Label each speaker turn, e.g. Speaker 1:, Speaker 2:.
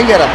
Speaker 1: Engera.